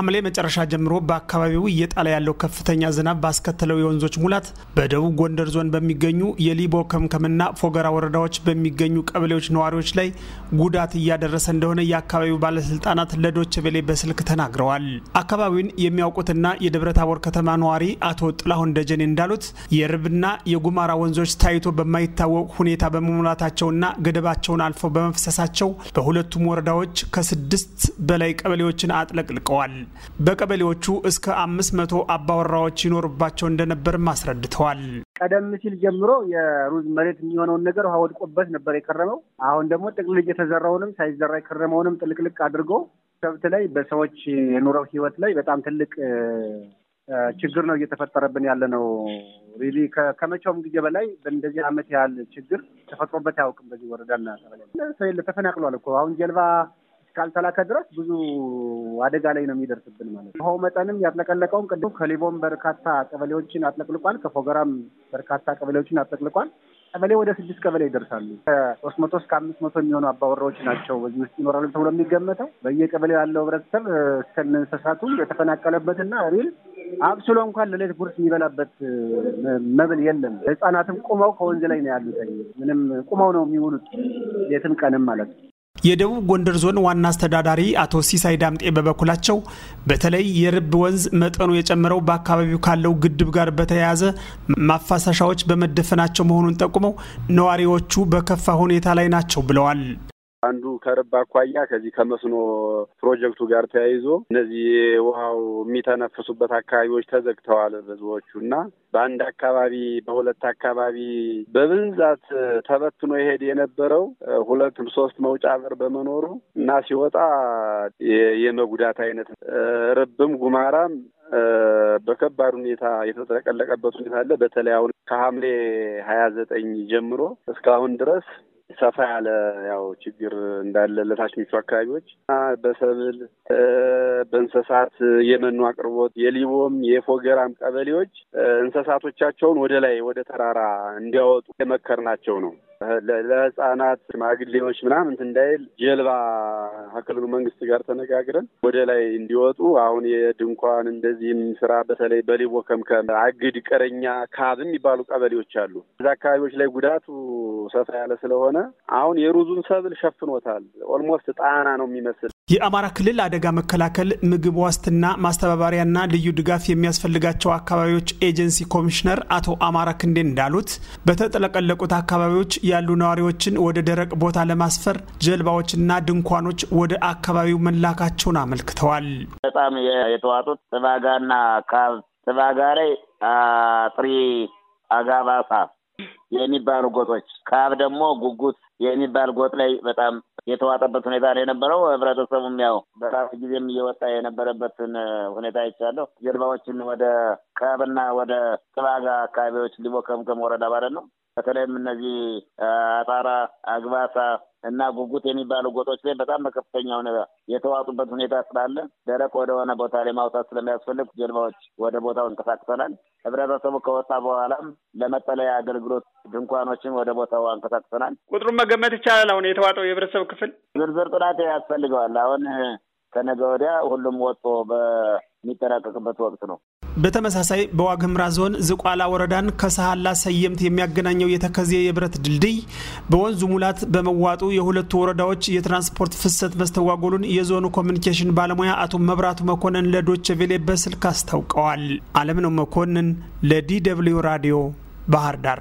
ከሐምሌ መጨረሻ ጀምሮ በአካባቢው እየጣለ ያለው ከፍተኛ ዝናብ ባስከተለው የወንዞች ሙላት በደቡብ ጎንደር ዞን በሚገኙ የሊቦ ከምከምና ፎገራ ወረዳዎች በሚገኙ ቀበሌዎች ነዋሪዎች ላይ ጉዳት እያደረሰ እንደሆነ የአካባቢው ባለስልጣናት ለዶች ቬለ በስልክ ተናግረዋል። አካባቢውን የሚያውቁትና የደብረታቦር ከተማ ነዋሪ አቶ ጥላሁን ደጀኔ እንዳሉት የርብና የጉማራ ወንዞች ታይቶ በማይታወቅ ሁኔታ በመሙላታቸውና ገደባቸውን አልፈው በመፍሰሳቸው በሁለቱም ወረዳዎች ከስድስት በላይ ቀበሌዎችን አጥለቅልቀዋል። በቀበሌዎቹ እስከ አምስት መቶ አባወራዎች ይኖርባቸው እንደነበርም አስረድተዋል። ቀደም ሲል ጀምሮ የሩዝ መሬት የሚሆነውን ነገር ውሃ ወድቆበት ነበር የከረመው። አሁን ደግሞ ጥቅልል የተዘራውንም ሳይዘራ የከረመውንም ጥልቅልቅ አድርጎ ሰብት ላይ በሰዎች የኑረው ህይወት ላይ በጣም ትልቅ ችግር ነው እየተፈጠረብን ያለ ነው። ሪሊ ከመቼውም ጊዜ በላይ በእንደዚህ አመት ያህል ችግር ተፈጥሮበት አያውቅም። በዚህ ወረዳና ተፈናቅሏል እኮ አሁን ጀልባ እስካልተላከ ድረስ ብዙ አደጋ ላይ ነው የሚደርስብን ማለት ነው። ውሃው መጠንም ያጥለቀለቀውም ቅድም ከሊቦን በርካታ ቀበሌዎችን አጥለቅልቋል። ከፎገራም በርካታ ቀበሌዎችን አጥለቅልቋል። ቀበሌ ወደ ስድስት ቀበሌ ይደርሳሉ። ከሶስት መቶ እስከ አምስት መቶ የሚሆኑ አባወራዎች ናቸው በዚህ ውስጥ ይኖራሉ ተብሎ የሚገመተው በየቀበሌው ያለው ህብረተሰብ እስከነ እንስሳቱ የተፈናቀለበትና ሪል አብስሎ እንኳን ለሌት ጉርስ የሚበላበት መብል የለም። ህጻናትም ቁመው ከወንዝ ላይ ነው ያሉት። ምንም ቁመው ነው የሚውሉት የትም ቀንም ማለት ነው። የደቡብ ጎንደር ዞን ዋና አስተዳዳሪ አቶ ሲሳይ ዳምጤ በበኩላቸው በተለይ የርብ ወንዝ መጠኑ የጨመረው በአካባቢው ካለው ግድብ ጋር በተያያዘ ማፋሰሻዎች በመደፈናቸው መሆኑን ጠቁመው ነዋሪዎቹ በከፋ ሁኔታ ላይ ናቸው ብለዋል። አንዱ ከርብ አኳያ ከዚህ ከመስኖ ፕሮጀክቱ ጋር ተያይዞ እነዚህ ውሃው የሚተነፍሱበት አካባቢዎች ተዘግተዋል ብዙዎቹ እና በአንድ አካባቢ በሁለት አካባቢ በብዛት ተበትኖ ይሄድ የነበረው ሁለትም ሶስት መውጫ በር በመኖሩ እና ሲወጣ የመጉዳት አይነት ርብም ጉማራም በከባድ ሁኔታ የተጠቀለቀበት ሁኔታ አለ። በተለይ አሁን ከሐምሌ ሀያ ዘጠኝ ጀምሮ እስካሁን ድረስ ሰፋ ያለ ያው ችግር እንዳለ ለታች አካባቢዎች በሰብል በእንስሳት የመኖ አቅርቦት የሊቦም የፎገራም ቀበሌዎች እንስሳቶቻቸውን ወደ ላይ ወደ ተራራ እንዲያወጡ የመከርናቸው ነው። ለህፃናት፣ ሽማግሌዎች ምናምን እንዳይል ጀልባ ከክልሉ መንግስት ጋር ተነጋግረን ወደ ላይ እንዲወጡ አሁን የድንኳን እንደዚህም ስራ በተለይ በሊቦ ከምከም፣ አግድ፣ ቀረኛ፣ ካብ የሚባሉ ቀበሌዎች አሉ። እዚ አካባቢዎች ላይ ጉዳቱ ሰፋ ያለ ስለሆነ አሁን የሩዙን ሰብል ሸፍኖታል። ኦልሞስት ጣና ነው የሚመስል የአማራ ክልል አደጋ መከላከል ምግብ ዋስትና ማስተባበሪያና ልዩ ድጋፍ የሚያስፈልጋቸው አካባቢዎች ኤጀንሲ ኮሚሽነር አቶ አማራ ክንዴ እንዳሉት በተጥለቀለቁት አካባቢዎች ያሉ ነዋሪዎችን ወደ ደረቅ ቦታ ለማስፈር ጀልባዎችና ድንኳኖች ወደ አካባቢው መላካቸውን አመልክተዋል። በጣም የተዋጡት ጥባጋና ካብ ጥባጋ ላይ ጥሪ አጋባሳ የሚባሉ ጎጦች ካብ ደግሞ ጉጉት የሚባል ጎጥ ላይ በጣም የተዋጠበት ሁኔታ ነው የነበረው። ህብረተሰቡም ያው በራሱ ጊዜም እየወጣ የነበረበትን ሁኔታ ይቻለሁ። ጀልባዎችን ወደ ከብና ወደ ጥባጋ አካባቢዎች ሊቦከምከም ወረዳ ማለት ነው። በተለይም እነዚህ አጣራ፣ አግባሳ እና ጉጉት የሚባሉ ጎጦች ላይ በጣም በከፍተኛ ሁኔታ የተዋጡበት ሁኔታ ስላለ ደረቅ ወደሆነ ቦታ ላይ ማውጣት ስለሚያስፈልግ ጀልባዎች ወደ ቦታው እንቀሳቅሰናል። ህብረተሰቡ ከወጣ በኋላም ለመጠለያ አገልግሎት ድንኳኖችን ወደ ቦታው አንቀሳቅሰናል። ቁጥሩን መገመት ይቻላል። አሁን የተዋጠው የህብረተሰብ ክፍል ዝርዝር ጥናት ያስፈልገዋል። አሁን ከነገ ወዲያ ሁሉም ወጥቶ በሚጠናቀቅበት ወቅት ነው። በተመሳሳይ በዋግምራ ዞን ዝቋላ ወረዳን ከሰሃላ ሰየምት የሚያገናኘው የተከዜ የብረት ድልድይ በወንዙ ሙላት በመዋጡ የሁለቱ ወረዳዎች የትራንስፖርት ፍሰት መስተጓጎሉን የዞኑ ኮሚኒኬሽን ባለሙያ አቶ መብራቱ መኮንን ለዶች ቬሌ በስልክ አስታውቀዋል። አለምነው መኮንን ለዲ ደብልዩ ራዲዮ ባህር ዳር